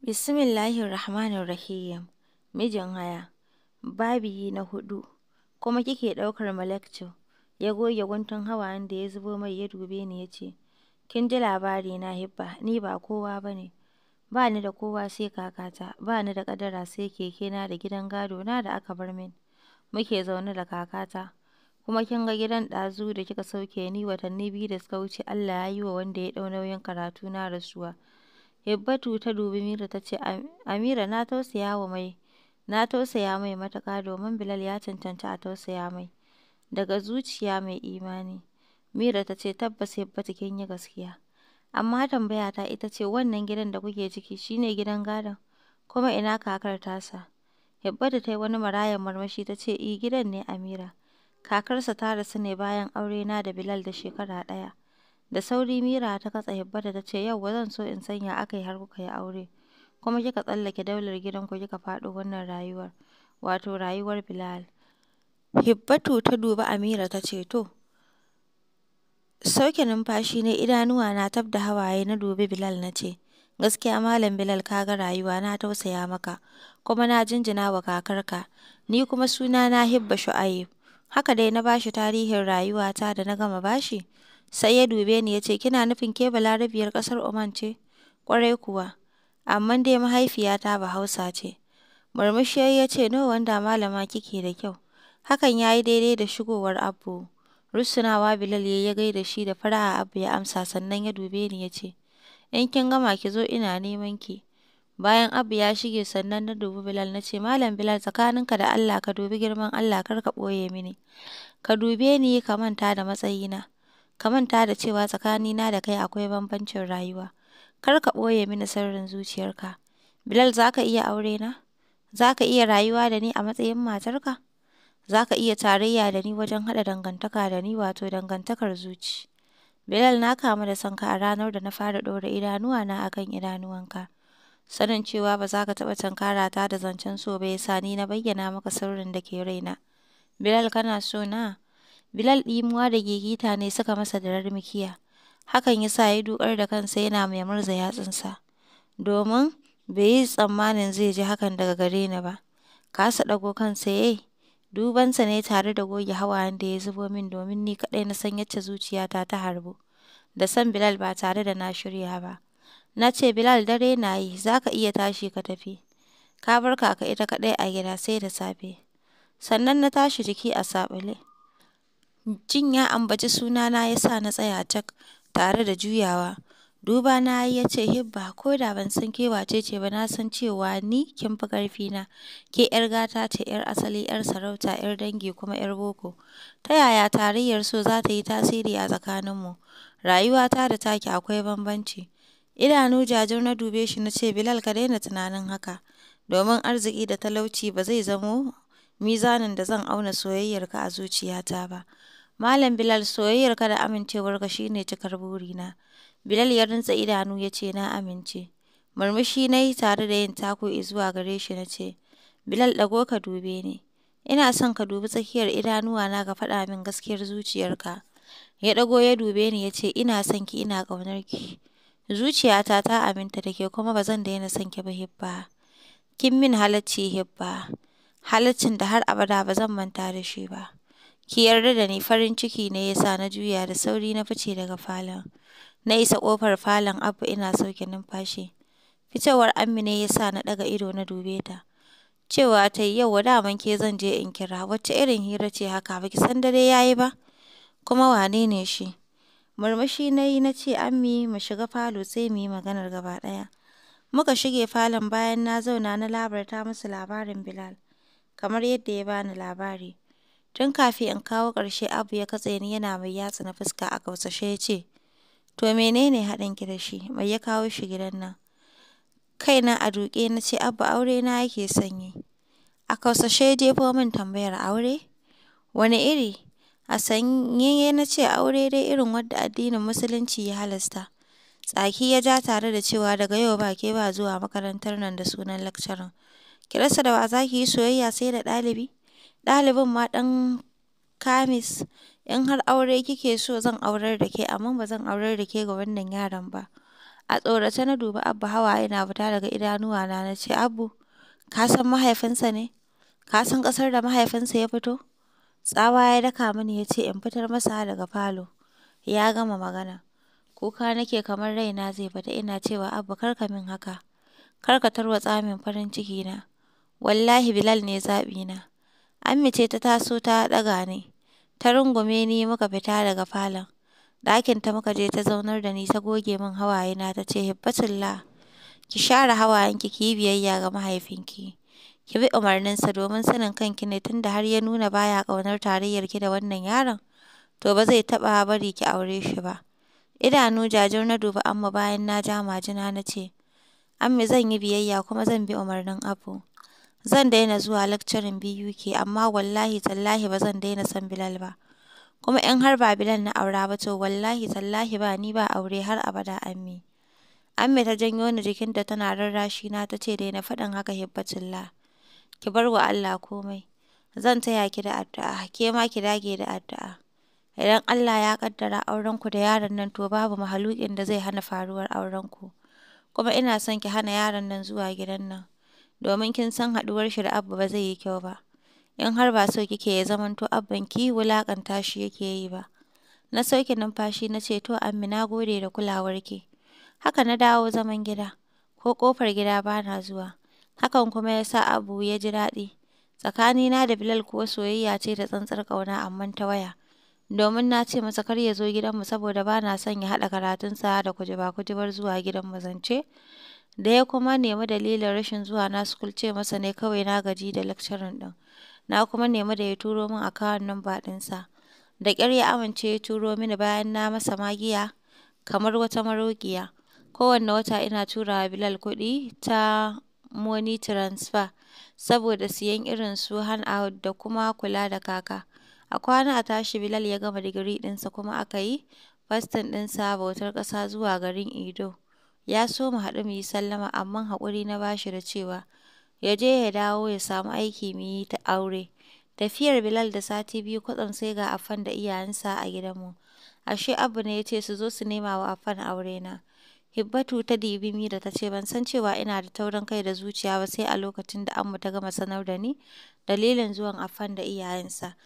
Bismillahirrahmanirrahim. Mijin haya, babi na hudu. kuma kike ɗaukar mu Ya goge guntun hawa da ya zubo mai ya dube ni ya ce, Kin ji labari na Hibba, ni ba kowa ba ne. Ba ni da kowa sai kakata, ba ni da kadara, sai keke na da gidan gado. Na da aka bar min. Muke zaune da kakata, kuma kin ga gidan ɗazu da kika sauke ni watanni biyu da suka wuce Allah ya yi wa wanda ya ɗau nauyin karatu. Na rasuwa. Hibbatu ta dubi Mira ta ce, Amira na tausaya mai matuƙa domin Bilal ya cancanci a tausaya mai, daga zuciya mai imani. Mira ta ce, Tabbas Hibbatu kin yi gaskiya. Amma tambayata ita ce wannan gidan da kuke ciki shine gidan gadon, kuma ina kakar tasa? Hibbatu ta yi wani marayan marmashi ta ce, I eh, gidan ne Amira. Kakarsa ta rasu ne bayan aure na da Bilal da shekara ɗaya. Da sauri Mira ta katse da ta ce, "Yauwa zan so in sanya aka yi har kuka yi aure, kuma kika tsallake daular gidanku kika faɗo wannan rayuwar, wato rayuwar Bilal." Hibbatu ta duba Amira ta ce, "To, sauke numfashi ne idanuwa na tab da hawaye na dubi Bilal na ce, Gaskiya Malam Bilal ka ga rayuwa na tausaya maka, kuma na jinjina wa kakarka, ni kuma suna na Hibba Shu'ayib. Haka dai na bashi tarihin rayuwata da na gama bashi, Sai ya dube ni ya ce, kina nufin ke Balarabiyar ƙasar Oman ce? kwarai kuwa, amma dai mahaifiyata Bahausa ce. Murmushi ya ce, no wanda malama kike da kyau. Hakan ya yi daidai da shigowar abu Rusunawa Bilal ya gaida shi da fara'a abu ya amsa sannan ya dube ni ya ce, in kin gama ki zo ina neman ki. Bayan Abu ya shige sannan na dubi Bilal na ce, Malam Bilal tsakaninka da Allah ka dubi girman Allah kar ka ɓoye mini. Ka dube ni ka manta da matsayina. Ka manta da cewa tsakanina da kai akwai bambancin rayuwa, kar ka ɓoye mini sirrin zuciyarka. Bilal za ka iya aurena? Za ka iya rayuwa da ni a matsayin matarka? Za ka iya tarayya da ni wajen haɗa dangantaka da ni wato dangantakar zuci. Bilal na kama da sanka a ranar da na fara ɗora idanuwa na akan idanuwanka. Sanin cewa ba za ka taɓa ta da zancen so ba ya sa ni na bayyana maka sirrin da ke raina. Bilal kana so na? Bilal ɗimuwa da gigita ne suka masa da mikiya, hakan ya sa ya dukar da kansa yana mai murza yatsunsa, domin bai yi tsammanin zai ji hakan daga gare ni ba. Kasa ɗago kansa ya yi, dubansa ne tare da goge hawayen da ya zubo min domin ni kaɗai na san yacce zuciyata ta harbu, da san Bilal ba tare da na shirya ba. Na ce, Bilal dare na yi, za ka iya tashi ka tafi. Ka bar kaka ita kaɗai a gida sai da safe. Sannan na tashi jiki a saɓale. Jin ya ambaci sunana ya sa na tsaya cak, tare da juyawa, duba na ya ce, “Hibba, ko da ban san ke wace ce ba, na san cewa ni kin fi ƙarfina, ke 'yar gata ce, 'yar asali, 'yar sarauta, 'yar dangi kuma 'yar boko, ta yaya tarayyar so za ta yi tasiri a tsakaninmu, ta da taki akwai bambanci.” Idanu jajir na dube shi na ce, “Bilal ka daina tunanin haka, domin arziki da talauci ba zai zamo mizanin da zan auna soyayyarka a zuciyata ba. Malam Bilal soyayyarka da amincewar ka ne cikar burina. Bilal ya rintsa idanu ya ce na amince. Murmushi na yi tare da yin tako zuwa gare shi na ce, Bilal ɗago ka dube ni. Ina son ka dubi tsakiyar idanuwa na ka faɗa min gaskiyar zuciyarka. Ya ɗago ya dube ni ya ce ina son ki ina ƙaunar ki. Zuciyata ta aminta da ke kuma ba zan daina son ki ba Hibba. Kin min halacci Hibba. Halaccin da har abada ba zan manta da shi ba. Ki yarda da ni farin ciki ne ya sa na juya da sauri na fice daga falon. Na isa ƙofar falon abu ina sauke numfashi. Fitowar Ammi ne ya sa na ɗaga ido na dube ta. Cewa ta yi wa daman ke zan je in kira wacce irin hira ce haka ba ki san dare ya yi ba? Kuma wane ne shi? Murmushi na yi na ce Ammi mu shiga falo sai mu yi maganar gaba ɗaya. Muka shige falon bayan na zauna na labarta musu labarin Bilal, kamar yadda ya bani labari. Tun kafin in kawo ƙarshe Abu ya katse ni yana mai yatsa na fuska a gausashe ya ce, To menene haɗin ki da shi? Mai ya kawo shi gidan nan? Kaina a duƙe na ce abu aure na yake sanyi. A kausashe ya jefo min tambayar aure? Wani iri? A sanyeye na ce aure dai irin wadda addinin musulunci ya halasta. Tsaki ya ja tare da cewa daga yau ba ke ba zuwa makarantar nan da sunan lakcarin. Ki rasa da wa za ki yi soyayya sai da ɗalibi? ɗalibin ma ɗan kamis, in har aure kike so zan aurar da ke amma ba zan aurar da ke ga wannan yaron ba. A tsorace na dubi Abba hawa yana fita daga idanuwana na ce, abu ka san mahaifinsa ne? Ka san ƙasar da mahaifinsa ya fito? Tsawa ya daka mini ya ce in fitar masa daga falo. Ya gama magana. Kuka nake kamar raina zai fita ina cewa Abba karka min haka. Karka ka tarwatsa min farin ciki na. Wallahi Bilal ne zaɓi na Ammi ce ta taso ta ɗaga ni, ta rungume ni muka fita daga falon, ɗakinta muka je ta zaunar da ni ta goge min hawayena ta ce Hibbatulla, ki share hawayenki ki yi biyayya ga mahaifinki, ki bi umarninsa domin sanin kanki ne tunda har ya nuna baya ya ƙaunar tarayyarki da wannan yaron, to ba zai taɓa bari ki aure shi ba. Idanu jajir na duba Amma bayan na ja majina na ce, Ammi zan yi biyayya kuma zan bi umarnin Abu. Zan daina zuwa lakcarin BUK amma wallahi tallahi ba zan daina san Bilal ba, kuma in har ba Bilal na aura ba to wallahi tallahi ba ni ba aure har abada ammi. Amme ta janyo ni jikin da tana rarrashi na ta ce na faɗin haka Hibbatullah, ki bar wa Allah komai, zan taya ki da addu'a, ke ma ki dage da addu'a. Idan Allah ya ƙaddara ku da yaron nan to babu mahalukin da zai hana faruwar auren ku kuma ina son ki hana yaron nan zuwa gidan nan. domin kin san haɗuwar shi da Abba ba zai yi kyau ba. In har ba so kike ya Abban ki? wulakanta shi yake yi ba. Na sauke numfashi na ce to Ammi na gode da kulawar ki Haka na dawo zaman gida, ko ƙofar gida bana zuwa. Hakan kuma ya sa Abu ya ji daɗi. Tsakanina da Bilal ko soyayya ce da tsantsar ƙauna amma ta waya. domin na ce masa kar ya zo gidanmu saboda bana son ya haɗa karatunsa da kujiba-kujibar zuwa gidanmu zance Da ya kuma nemi dalilin rashin zuwa school ce masa ne kawai na gaji da lecturing din na kuma nemi da ya turo min akawun namba ɗinsa, da ƙyar ya amince ya turo mini bayan na masa magiya kamar wata maroƙiya, kowanne wata ina turawa Bilal kuɗi ta Money Transfer saboda siyan irin su hand-out da kuma kula da kaka, a kwana a tashi Bilal ya gama digiri ɗinsa kuma aka yi fastin ɗinsa bautar ƙasa zuwa garin ido. Ya so mu haɗu mu yi sallama amma haƙuri na bashi da cewa ya je ya dawo ya samu aiki mu yi ta aure. Tafiyar Bilal da sati biyu kwatsam sai ga afan da iyayensa a gidanmu. Ashe abu ne ya ce su zo su nema wa afan aure na Hibbatu ta dibi da ta ce ban san cewa ina da taurin kai da zuciya ba sai a lokacin da Amma ta gama sanar da ni dalilin zuwan afan da iyayensa.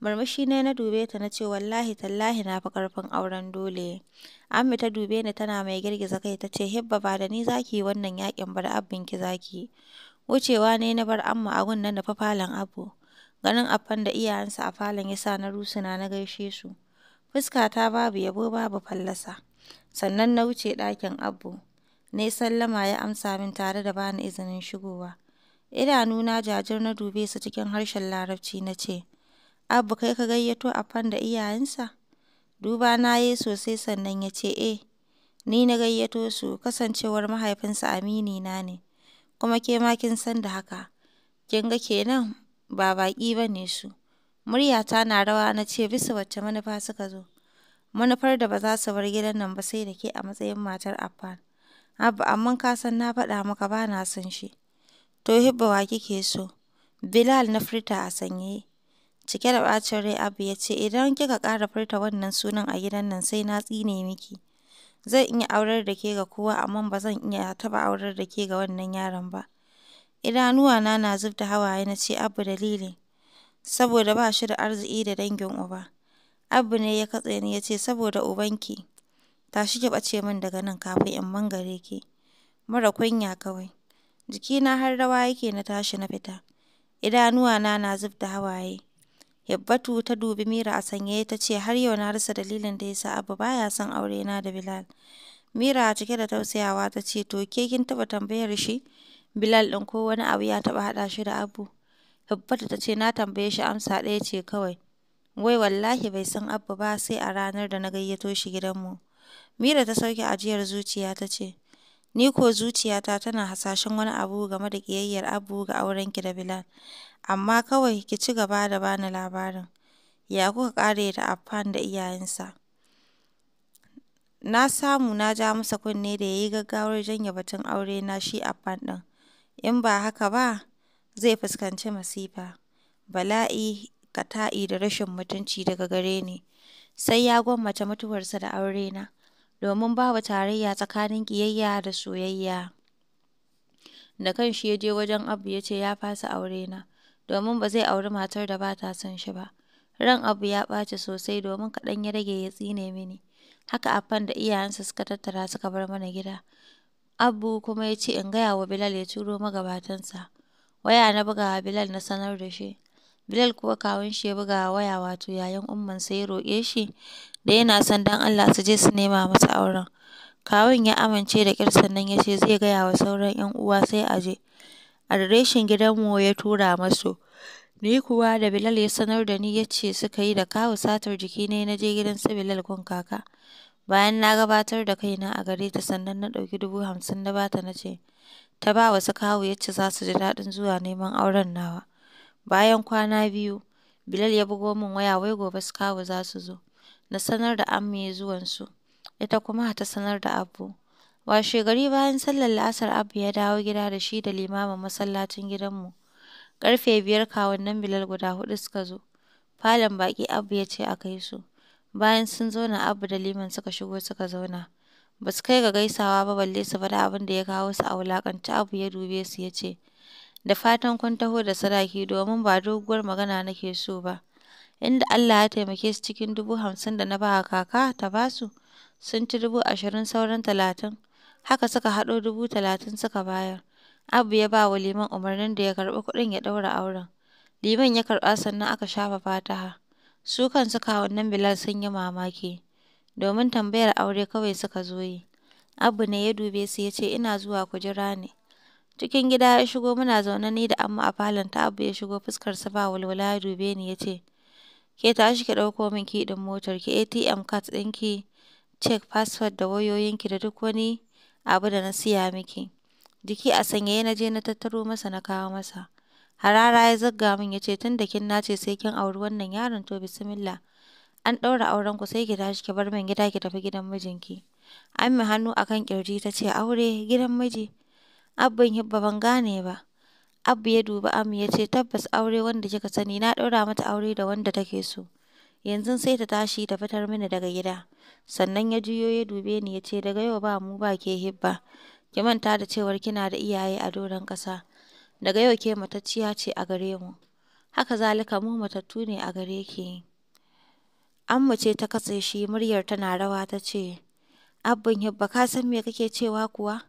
Murmushi ne na dube ta na ce wallahi tallahi na fi ƙarfin auren dole. Ammi ta dube ni tana mai girgiza kai ta ce Hibba ba da ni zaki wannan yakin bar da ki zaki." Wucewa ne na bar Amma a gunnan na fafalan falon Abu. Ganin Affan da iyayensa a falon ya sa na rusuna na gaishe su. fuska ta babu yabo babu fallasa. Sannan na wuce ɗakin Abu. Ne sallama ya amsa min tare da bani izinin shigowa. Idanuna jajir na dube su cikin harshen Larabci na ce, Abba kai ka gayyato Affan da iyayensa? Duba na yi sosai sannan ya ce, e? ni na gayyato su, kasancewar amini na ne, kuma ke ma kin san da haka. Kin ga kenan ba baƙi ba ne su. Muryata na rawa na ce, Bisa wacce manufa suka zo? Manufar da ba za su bar gidan nan ba sai da ke a matsayin matar Affan. Abba, amma ka san na faɗa maka ba na son shi. To Hibba wa kike so? Bilal na furta a sanye. Cike da ɓacin rai, Abba ya ce, "Idan kika ƙara furta wannan sunan a gidan nan sai na tsine miki. Zai iya aurar da ke ga kowa amma ba zan iya taɓa aurar da ke ga wannan yaron ba." Idanuwana na zub da hawaye na ce, "Abba dalili?" Saboda ba shi da arziki da dangin uba. Abba ne ya katse ni ya ce, "Saboda ubanki, tashi ki ɓace min daga nan kafin in mangare ki." Mara kunya kawai. Jikina har rawa yake na tashi na fita. Idanuwana na zub da hawaye. Yabbatu ta dubi Mira a sanye ta ce, har yau na rasa dalilin da ya sa Abba baya son aure na da Bilal. Mira a cike da tausayawa ta ce, to ke kin taɓa tambayar shi? Bilal ɗin ko wani abu ya taba haɗa shi da Abu? Yabbatu ta ce, na tambaye shi amsa ɗaya ce kawai. Wai wallahi bai san Abba ba sai a ranar da na gayyato shi gidanmu. Mira ta sauke ajiyar zuciya ta ce, Ni ko zuciyata tana hasashen wani abu game da ƙiyayyar abu ga aurenki da Bilal, amma kawai ki ci gaba da ba ni labarin, ya kuka ƙare da Afan da iyayensa? Na samu na ja masa kunne da ya yi gaggawar janye batun aure na shi Afan ɗin, in ba haka ba zai fuskanci masifa, bala'i, kata'i da rashin mutunci daga gare ni, sai ya gwammace mutuwarsa da aure na. domin babu tarayya tsakanin ƙiyayya da soyayya. Da kanshi ya je wajen Abu ya ce ya fasa aure na domin ba zai auri matar da ba ta son shi ba. Ran Abu ya ɓaci sosai domin kaɗan ya rage ya tsine mini. Haka fan da iyayensa suka tattara suka bar mana gida. Abu kuma ya ce in gaya wa Bilal ya turo magabatansa. Waya na bugawa Bilal na sanar da shi. Bilal kuwa kawun shi ya buga waya wato yayin umman ya roƙe shi da yana son dan Allah su je su nema masa auren. Kawun ya amince da ƙyar sannan ya ce zai gaya wa sauran 'yan uwa sai a je. Adireshin gidanmu ya tura masu. Ni kuwa da Bilal ya sanar da ni ya ce suka yi da kawu satar jiki ne na je gidan su Bilal kun kaka. Bayan na gabatar da kaina a gare ta sannan na ɗauki dubu hamsin na bata na ce ta ba wasu kawu ya ce za su ji daɗin zuwa neman auren nawa. Bayan kwana biyu Bilal ya bugo min waya wai gobe su kawu za su zo. Na sanar da Amme zuwansu, ita kuma ta sanar da Abu. Washe, gari bayan sallar la'asar Abu ya dawo gida da shi da limamin masallacin gidanmu. Karfe biyar nan Bilal guda hudu suka zo. Falon baƙi Abu ya ce a kai su. Bayan sun zauna Abu da liman suka shigo suka zauna. Ba su kai ga gaisawa ba balle su faɗa abin da ya kawo su a wulaƙanci Abu ya dube su ya ce, Da fatan kun taho da sadaki domin ba doguwar magana nake so ba. inda Allah ya taimake su cikin dubu hamsin da na ba kaka ta basu sun ci dubu ashirin sauran talatin haka suka haɗo dubu talatin suka bayar abu ya ba wa liman umarnin da ya karɓi kuɗin ya ɗaura auren liman ya karɓa sannan aka shafa fataha su suka wannan bilal sun yi mamaki domin tambayar aure kawai suka zo yi abu ne ya dube su ya ce ina zuwa ku jira ne cikin gida ya shigo muna zaune ni da amma a falon ta abu ya shigo fuskar sa ba walwala ya dube ni ya ce Ke tashi ki ɗauko min ki motar, ki ATM card ɗinki, cek, fasfot da wayoyinki da duk wani abu da na siya miki. Jiki a sanyaye na je na tattaro masa na kawo masa. Harara ya zagga min ya ce tun da kin nace sai kin auri wannan yaron to bismillah. An ɗaura auren ku sai ki tashi ki bar min gida ki tafi gidan mijinki. mi hannu akan kirji ƙirji ta ce aure gidan miji? Abban Hibba ban gane ba. Abu ya dubi Amu ya ce, Tabbas aure wanda kika sani na ɗora mata aure da wanda take so. Yanzu sai ta tashi ta fitar mini daga gida. Sannan ya juyo ya dube ni ya ce, Daga yau ba mu ba ke hibba. Ki manta da cewar kina da iyaye a doron ƙasa. Daga yau ke matacciya ce a gare mu. Haka zalika mu matattu ne a gare ki. Amma ce ta katse shi muryar tana rawa ta ce, Abun hibba ka san me kake cewa kuwa?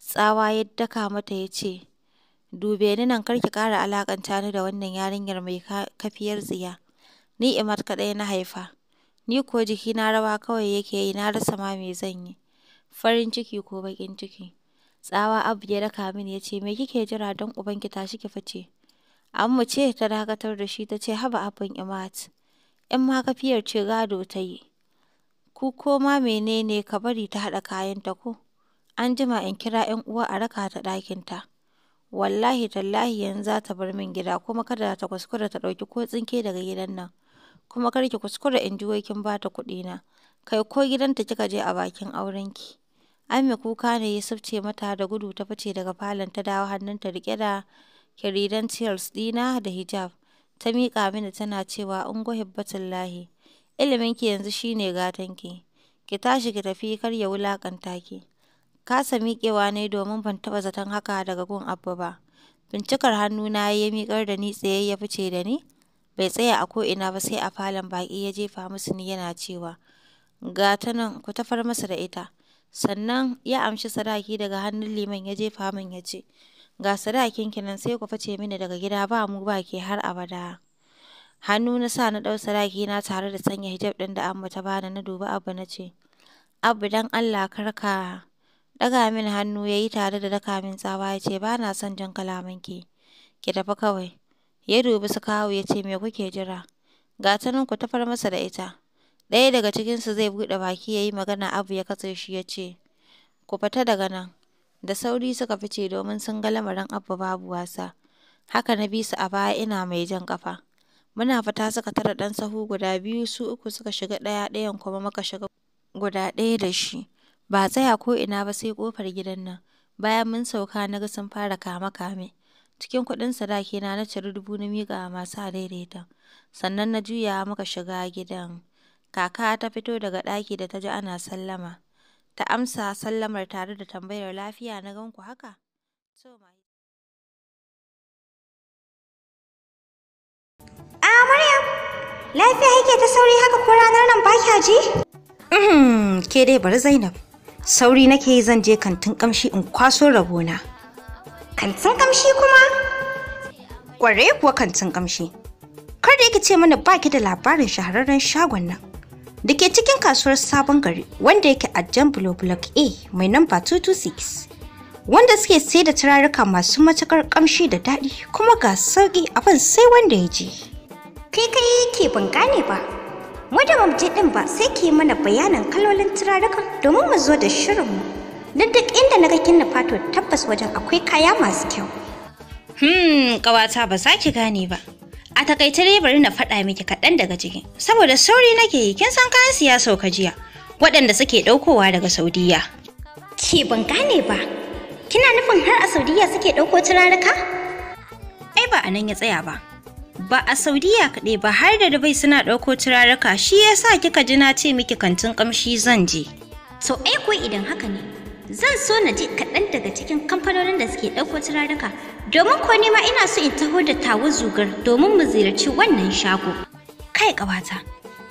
Tsawa ya daka mata ya ce, Dube ni nan kar ki alakanta ni da wannan yarinyar mai kafiyar tsiya, ni Imat kaɗai na haifa, ni ko jiki na rawa kawai yake yi na rasa ma me zan yi, farin ciki ko baƙin ciki. Tsawa Abu ya raka mini yace ce, me kike jira don ubanki tashi ki fice. Amma ce ta dakatar da shi tace haba abin Imat, in ma kafiyar ce gado ta yi. Ku koma menene ka bari ta haɗa ta ko? An jima in kira 'yan uwa a raka ta ɗakinta. Wallahi tallahi yanzu za ta bar min gida kuma kada ta kuskura ta ɗauki ko tsinke daga gidan nan, kuma kar ki kuskura in ji kin ba ta kuɗi na. kai ko gidanta kika je a bakin aurenki. Ummi kuka ne ya ce mata da gudu ta fice daga falon ta dawo hannunta rike da credentials dina, da hijab, ta miƙa mini tana cewa ungo hibbatullahi, iliminki yanzu shine gatanki, ki tashi ki tafi kar ya wulaƙanta ki. Kasa miƙewa ne domin ban taɓa zaton haka daga gun Abba ba. Bincikar hannuna ya yi ya miƙar da ni tsaye ya fice da ni. Bai tsaya a ko'ina ba sai a falon baƙi ya jefa musu ni yana cewa, Ga ta nan ku tafar masa da ita. Sannan ya amshi sadaki daga hannun liman ya jefa min ya ce, Ga sadakin ki nan sai ku fice mini daga gida ba mu ba ke har abada. Hannu na sa na ɗau sadaki na tare da sanya hijab ɗin da Amma ta bani na dubi Abba na ce, Abba dan Allah karka Ɗaga min hannu ya yi tare da daka min tsawa ya ce ba na son jin kalamanki, ki tafi kawai. Ya dubi su kawu ya ce me kuke jira, ga ta nan ku tafar masa da ita. Ɗaya daga cikinsu zai buɗe baki ya yi magana Abu ya katse shi ya ce, ku fita daga nan. Da sauri suka fice domin sun ga lamarin abu babu wasa. Haka na bi su a baya ina mai jan kafa Muna fita suka tara ɗan sahu guda biyu su uku suka shiga ɗaya ɗayan kuma muka shiga guda ɗaya da shi. Ba tsaya ko ina ba sai kofar gidan nan, bayan mun sauka na ga sun fara kame-kame, cikin kuɗin sadakina na ciri dubu na miƙawa masu adaidaita, sannan na juya muka shiga gidan. Kaka ta fito daga ɗaki da ta ji ana sallama, ta amsa sallamar tare da tambayar lafiya na gan haka? A lafiya yake ta sauri haka ko ranar nan ba kya ji? Uhm, ke dai bari Zainab. sauri nake yi zan je kantin kamshi in kwaso rabona kantin kamshi kuma kware kuwa kantin kamshi kar da yake ce mana baki da labarin shahararren shagon nan da ke cikin kasuwar sabon gari wanda yake a jan block a mai namba 226 wanda suke sai da turaruka masu matakar kamshi da daɗi kuma ga sauƙi abin sai wanda ya je kai kai ke ban gane ba mu da din ba sai kiyi mana bayanin kalolin turarukan domin mu zo da shirinmu don duk inda na ga kin fato tabbas wajen akwai kaya masu kyau hmm kawata ba za ki gane ba a takaice dai bari na faɗa miki kaɗan daga cikin saboda sauri nake yi kin san kayan siya sauka jiya waɗanda suke ɗaukowa daga saudiya ke ban gane ba kina nufin har a saudiya suke ɗauko turaruka ai ba a nan ya tsaya ba ba a saudiya kaɗai ba har da dubai suna ɗauko turaruka shi ya sa kika ji na ce miki kantin ƙamshi zan je To ai ko idan haka ne zan so na ji kaɗan daga cikin kamfanonin da suke ɗauko turaruka domin ko nima ina so in taho da tawo zugar domin mu ziyarci wannan shago kai ƙawata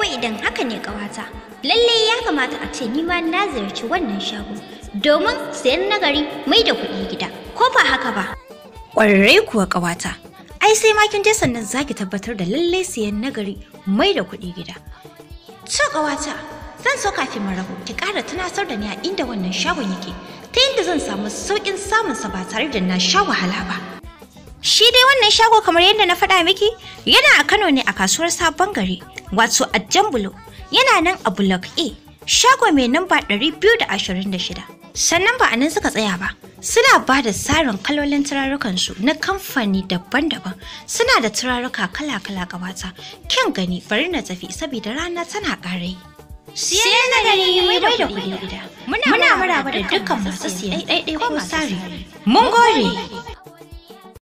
ko idan haka ne ƙawata lalle ya kamata a ce ni ma na ziyarci wannan shago domin sayan nagari mai da kuɗi gida ko ba haka ba ƙwararre kuwa ƙawata ai sai ma kin je sannan zaki tabbatar da lalle sayan nagari mai da kuɗi gida to ƙawata zan so kafin mu rabu ki ƙara tunasar da ni a inda wannan shagon yake ta yadda zan samu sauƙin samunsa ba tare da na sha wahala ba Shi dai wannan shago kamar yadda na faɗa miki yana a Kano ne a kasuwar sabon gari wato a Jambulo yana nan a Block A shago mai namba 226. Sannan ba a nan suka tsaya ba. Suna ba da tsarin kalolin turarukansu na kamfani daban-daban suna da turaruka kala-kala gabata kyan gani bari na tafi saboda rana tana ƙarai. Siyan na gani mai da kuɗi gida. Muna muraba da dukkan masu siyan ɗaiɗai ko sari. Mun gore!